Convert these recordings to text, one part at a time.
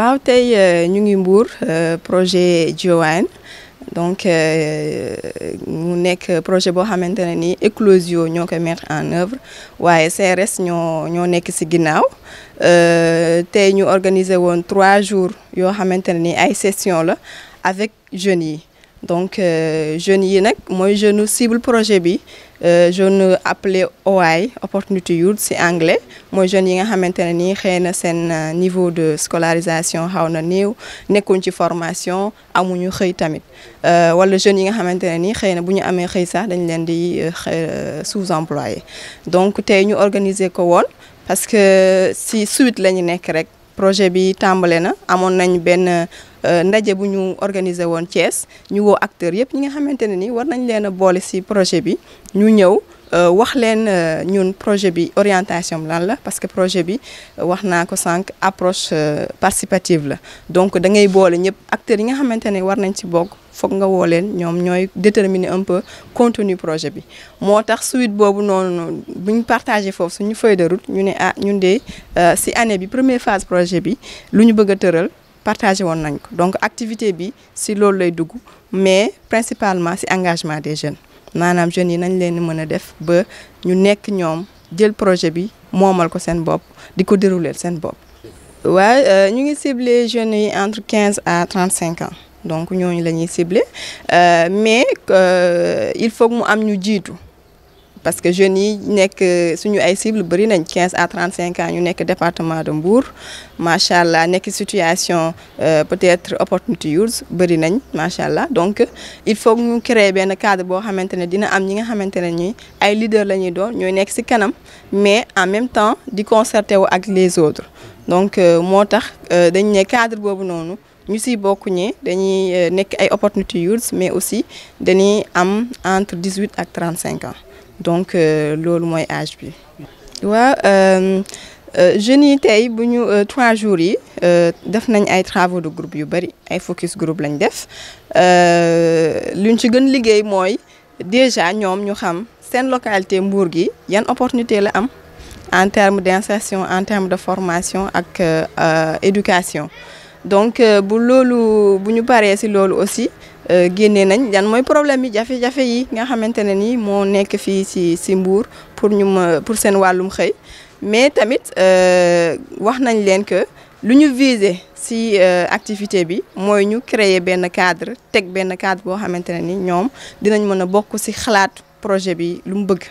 waaw tey euh, ñu ngi Mbour euh, projet Joanne donc euh, mu nekk projet boo xamante ne ni Eclosio ñoo koy mettre en œuvre waaye CRS ñoo ñoo nekk ci ginnaaw tey ñu organiser woon trois jours yoo xamante ne ni ay session la avec jeunes yi donc euh, jeunes yi nag mooy jeune cible projet bi euh, jeune appelé OI opportunity youth si anglais mooy jeunes yi nga xamante ne nii xëy na seen euh, niveau de scolarisation xaw na niiw nekkuñ ci formation amuñu xëy tamit wala jeunes yi nga xamante ne nii xëy na bu ñu amee xëy sax dañ leen di sous-employé donc tey ñu organiser ko woon parce que si suite la ñu nekk rek projet bi tàmbale na amoon nañ benn Euh, ndaje bu ñu organiser woon cees ñu woo acteurs yëpp ñi nga xamante ne ni war nañ leen a boole si projet bi ñu ñëw euh, wax leen euh, ñun projet bi orientation lan la parce que projet bi wax naa ko sànq approche participative la donc da ngay boole ñëpp acteurs yi nga xamante ne war nañ si bokk foog nga woo leen ñoom ñooy déterminer un peu contenu projet bi moo tax suite boobu noonu bu ñu partagé foofu suñu feuille de route ñu ne ah ñun de si année bi premier phase projet bi lu ñu bëgg a tëral partagé woon nañ ko donc activité bi si loolu lay dugg mais principalement si engagement des jeunes maanaam jeunes yi nañ leen mën a def ba ñu nekk ñoom jël projet bi moomal ko seen bopp di ko dérouler seen bopp. waaw euh, ñu ngi ciblé jeunes yi entre quinze à trente cinq ans donc ñooñu la ñuy ciblé euh, mais euh, il faut mu am ñu jiitu. parce que jeunes yi nekk suñu ay cible bëri nañ 15 à 35 ans ñu nekk département de Mbour macha allah nekk situation euh, peut-être opportunity youth bëri nañ macha allah donc il faut ñu créer benn cadre boo xamante ne dina am ñi nga xamante ne ñi ay leader la ñuy doon ñooy nekk si kanam mais en même temps di concerté wu ak les autres donc euh, moo tax euh, dañ ne cadre boobu noonu ñu siy bokk ñi dañuy nekk ay opportunity youth mais aussi dañuy am entre 18 ak 35 ans. donc euh, loolu mooy âge bi. waaw euh, euh, jeunes yi tey bu ñu trois jours yi def nañ ay travaux de groupe yu bari ay focus group lañ def luñ ci gën liggéey mooy déjà ñoom ñu xam seen localité Mbour gi yan opportunité la am en terme d'insertion en terme de formation ak éducation donc bu loolu bu ñu paree ci loolu aussi. Euh, génnee nañ yan mooy problème yi jafe-jafe yi nga xamante ne ni moo nekk fii ci ci Mbour pour ñu ma pour seen wàllum xëy mais tamit euh, wax nañ leen que lu ñu viser ci euh, activité bi mooy ñu créer benn cadre teg benn cadre boo xamante ne ni ñoom dinañ mën a bokk ci xalaat projet bi lu mu bëgg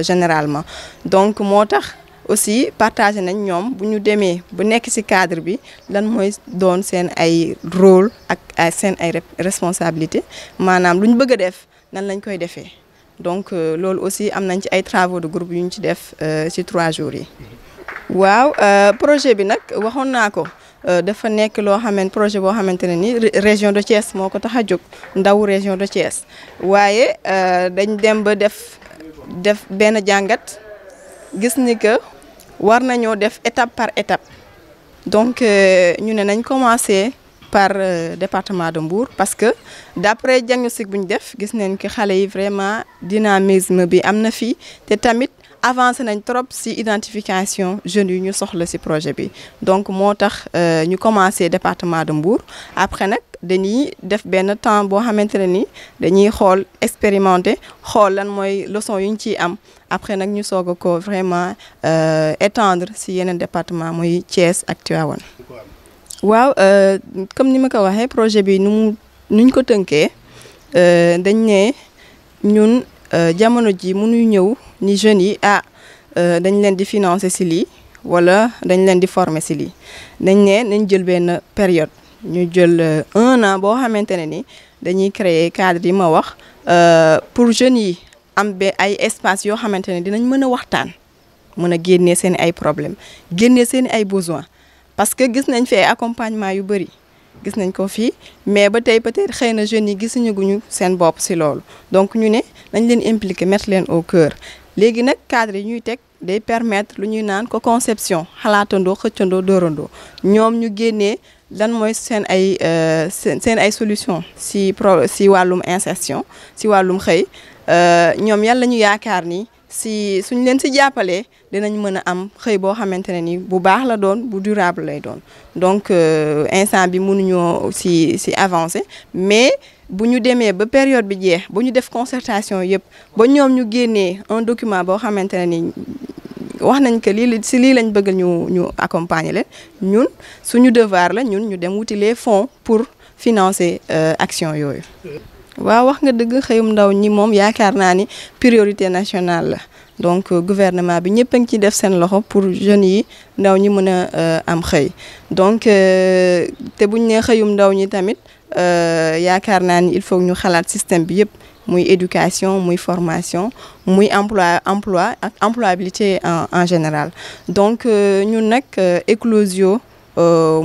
généralement donc moo tax. aussi partagé nañ ñoom bu ñu demee bu nekk ci cadre bi lan mooy doon seen ay rôle ak seen ay responsabilité maanaam lu ñu bëgg a def nan lañ koy defee donc euh, loolu aussi am nañ ci ay travaux de groupe yu ñu ci def euh, ci trois jours yi. waaw euh, projet bi nag waxoon naa ko dafa nekk loo xamante projet boo xamante ne nii région de Thiès moo ko tax a jóg ndaw région de Thiès waaye dañ dem ba def def benn jàngat gis ni que. war nañoo def étape par étape donc euh, ñu ne nañ commencer par euh, département de Mbour parce que d'après diagnostic bu ñu def gis nañ que xale yi vraiment dynamisme bi am na fii te tamit avancé nañ trop ci identification jeunes yu ñu soxla ci projet bi donc moo tax euh, ñu commencé département de Mbour après nag dañuy def benn temps boo xamante ne ni dañuy xool expérimenter xool lan mooy leçon yu ñu ciy am après nag ñu soog a ko vraiment euh, étendre ci yeneen département muy Thiès ak Tivaouane. waaw euh, comme ni ma ko waxee projet bi nu mu ñu ko tënkee dañ ne ñun. Euh, jamono ji munu ñëw ni jeunes yi ah euh, dañ leen di financer si lii wala dañ leen di former si lii nañ ne nañ jël benn période ñu jël euh, un an boo xamante ne ni dañuy créer cadre yi ma wax pour jeunes yi am ba ay espace yoo xamante ne dinañ mën a waxtaan mën a génne seen ay problème génne seen ay besoin parce que gis nañ fi ay accompagnement yu bëri gis nañ ko fii mais ba tey peut-être xëy na jeunes yi gisuñu guñu seen bopp si loolu donc ñu ne nañ leen impliqué mettre leen au cœur léegi nag cadre yi ñuy teg day permettre lu ñuy naan ko conception xalaatandoo xëccandoo dóorandoo ñoom ñu génnee lan mooy seen ay euh, seen ay solution si pro si wàllum insertion si wàllum xëy euh, ñoom yàlla ñu yaakaar ni si suñ leen si jàppalee dinañ mën a am xëy boo xamante ne ni bu baax la doon bu durable lay doon donc euh, instant bi mënuñoo si si avancé mais bu ñu demee ba période bi jeex ba ñu def concertation yëpp ba ñoom ñu génnee un document boo xamante ne ni wax nañ ko lii si lii lañ bëgg ñu ñu accompagner leen ñun suñu devoir la ñun ñu dem wuti les fonds pour financer euh, action yooyu. waaw wax nga dëgg xëyum ndaw ñi moom yaakaar naa ni priorité nationale la donc euh, gouvernement bi ñëpp a ngi ci def seen loxo pour jeunes yi ndaw ñi mën a euh, am xëy donc te buñ ne xëyum ndaw ñi tamit. Euh, yaakaar naa ni il faut ñu xalaat système bi yëpp muy éducation muy formation muy emploi emploi ak employabilité en en général donc euh, ñun nag euh, Eclosio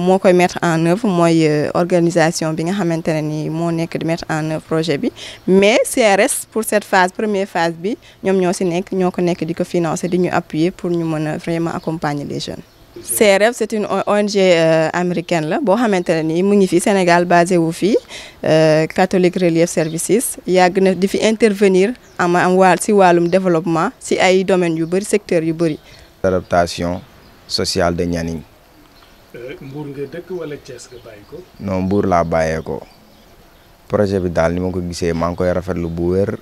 moo koy mettre en œuvre mooy organisation bi nga xamante ne nii moo nekk di mettre en œuvre projet bi mais CRS pour cette phase première phase bi ñoom ñoo si nekk ñoo ko nekk di ko financer di ñu appuyer pour ñu mën a vraiment accompagner les jeunes. CRF c'est une ONG euh, américaine la boo xamante ne nii mu ngi fi Sénégal basé wu fii euh, Catholic Relief Services yàgg na di fi intervenir am am si wàllum développement si ay domaines yu bëri secteurs yu bëri. adaptation sociale de Nianing. Euh, Mbour nga dëkk wala laa bàyyee projet bi daal ni ma ko gisee maa ngi koy rafetlu bu wér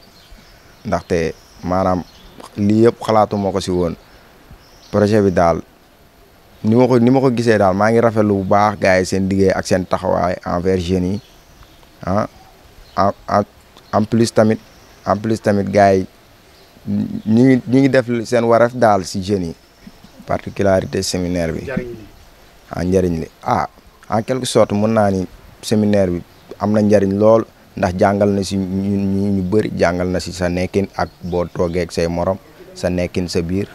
ndaxte maanaam lii yëpp xalaatu ko si woon projet bi daal. ni ma ko ni ma ko gisee daal maa ngi rafetlu bu baax gars yi seen liggéey ak seen taxawaay envers jeunes yi ah en en plus tamit en plus tamit gars yi ñu ñu ngi def seen waraf daal si jeunes yi particularité seminaire bi ah njëriñ li ah en quelque sorte mën naa ni séminaire bi am na njëriñ lool ndax jàngal na si ñu ñu bëri jàngal na si sa nekkin ak boo toogee ak say morom sa nekkin sa biir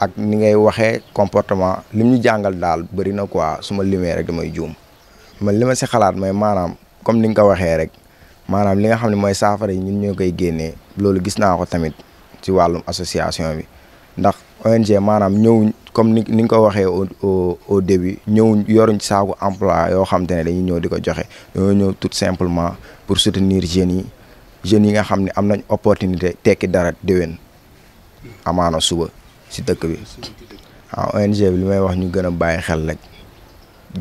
ak ni ngay waxee comportement lim ñu jàngal daal bëri na quoi su ma limee rek damay juum man li ma si xalaat mooy maanaam comme ni nga ko waxee rek maanaam li nga xam ne mooy saafara ñu ñun ñoo koy génnee loolu gis naa ko tamit ci wàllum association bi ndax ONG maanaam ñëwuñ comme ni ni nga ko waxee au au début ñëwuñ yoruñ saaku emploi yoo xam te ne dañuy ñëw di ko joxe dañoo ñëw tout simplement pour soutenir jeunes yi jeunes yi nga xam ne am nañ opportunité tekki dara déwén amaana suba si dëkk bi waaw ONG bi li may wax ñu gën a bàyyi xel rek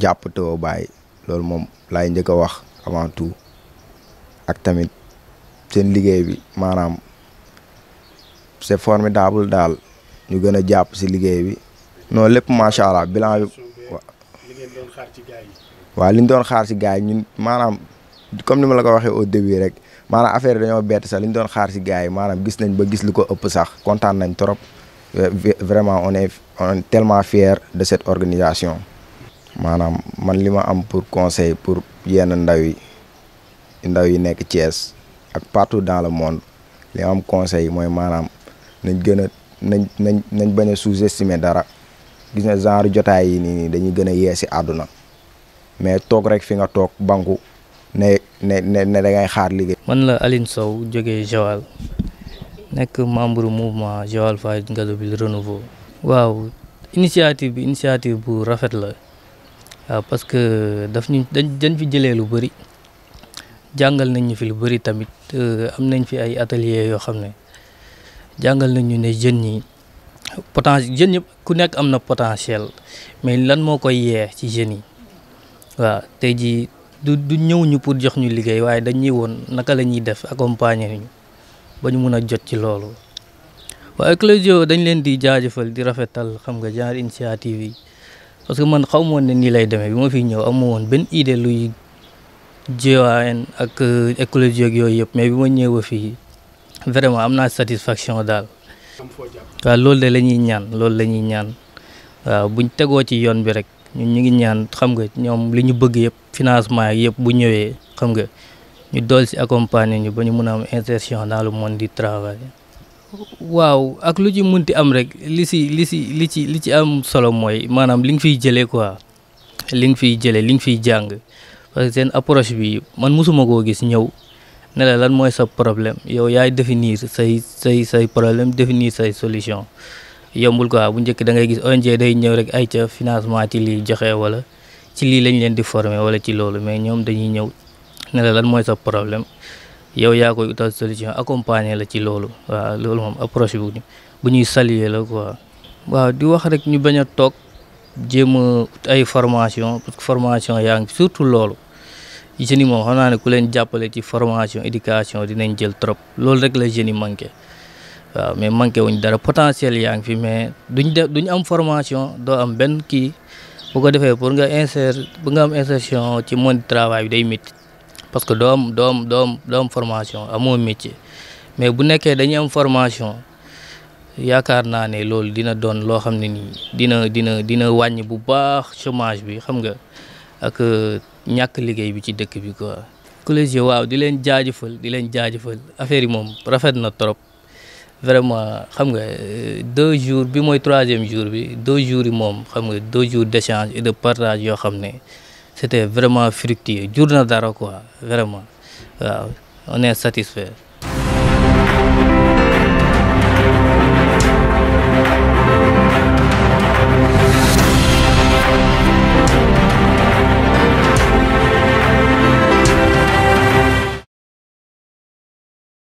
jàpp tëw bàyyi loolu moom laay njëkk a wax avant tout ak tamit seen liggéey bi maanaam c'est formidable daal ñu gën a jàpp si liggéey bi non lépp macha allah bilan bi waaw li ñu doon xaar si gars yi ñun maanaam comme ni ma la ko waxee au début rek maanaam affaire dañoo bett sax li ñu doon xaar si gars yi maanaam gis nañ ba gis lu ko ëpp sax kontaan nañ trop vraiment on est on est tellement fier de cette organisation maanaam man li ma am pour conseil pour yenn ndaw yi ndaw yi nekk Thiès ak partout dans le monde li ma am conseil mooy maanaam nañ gën a nañ nañ nañ bañ a sous-estimer dara gis na genre jotaay yi nii nii dañuy gën a yeesi àdduna mais toog rek fi nga toog banku ne ne ne ne xaar liggéey. man la Aline Sow jógee Joal. nekk membre mouvement Joal Fadiouth Nguelobul Renouveau waaw initiative bi initiative bu rafet la waaw parce que daf ñu dañ dañ fi jëlee lu bëri jàngal nañ ñu fi lu bëri tamit euh, am nañ fi ay atelier yoo xam ne jàngal nañ ñu ne jeunes ñi potentiel jeunes ñëpp ku nekk am na potentiel mais lan moo koy yee ci jeunes yi waaw tey ji du du ñëw ñu pour jox ñu liggéey waaye dañ woon naka la ñuy def accompagner ñu. ba ñu mun a jot ci loolu waaye Closio dañ leen di jaajëfal di rafetal xam nga genre initiative yi parce que man xaw ma woon ne nii lay demee bi ma fi ñëw amu woon benn idée luy JAN ak euh, Closio ak yooyu yëpp mais bi ma fii vraiment am naa satisfaction daal. waaw loolu de la ñaan loolu la ñaan buñ tegoo ci yoon bi rek ñun ñu ngi ñaan xam nga ñoom li ñu bëgg yëpp financement yëpp bu ñëwee xam nga ñu dool si accompagner ñu ba ñu mun a am insertion dans le monde du travail. waaw ak lu ci munti am rek li si li si li ci li ci am solo mooy maanaam li nga fiy jëlee quoi li nga fiy jëlee li nga fiy jàng parce que seen approche bi man mosuma koo gis ñëw. ne lan mooy sa problème yow yaay définir say say say problème définir say solution yombul quoi bu njëkk da ngay gis ONG day ñëw rek ay ca financement ci lii joxe wala ci lii lañu leen di former wala ci loolu mais ñoom dañuy ñëw ne la lan mooy sa problème yow yaa koy utal solution accompagner la ci loolu waaw loolu moom approche bu bu ñuy saluer la quoi. waaw di wax rek ñu bañ a toog jéem a ay formation parce que formation yaa ngi surtout loolu jeunes yi moom xam naa ne ku leen jàppale ci formation éducation dinañ jël trop loolu rek la jeunes yi waaw mais manqué wuñ dara potentiel yaa ngi fi mais duñ def duñ am formation doo am benn kii bu ko defee pour nga insérer bu nga am insertion ci monde travail bi day métti parce que doo am doo am doo formation amoo métier mais bu nekkee dañuy am formation yaakaar naa ne loolu dina doon loo xam ne nii dina dina dina wàññi bu baax chômage bi xam nga ak euh, ñàkk liggéey bi ci dëkk bi quoi. collège waaw di leen jaajëfal di leen jaajëfal affaire yi moom rafet na trop vraiment xam nga euh, deux jours bi mooy troisième jour bi deux jours yi moom xam nga deux jours d'échange et de partage yoo xam ne. c'était vraiment fructueux jur na dara quoi vraiment waaw on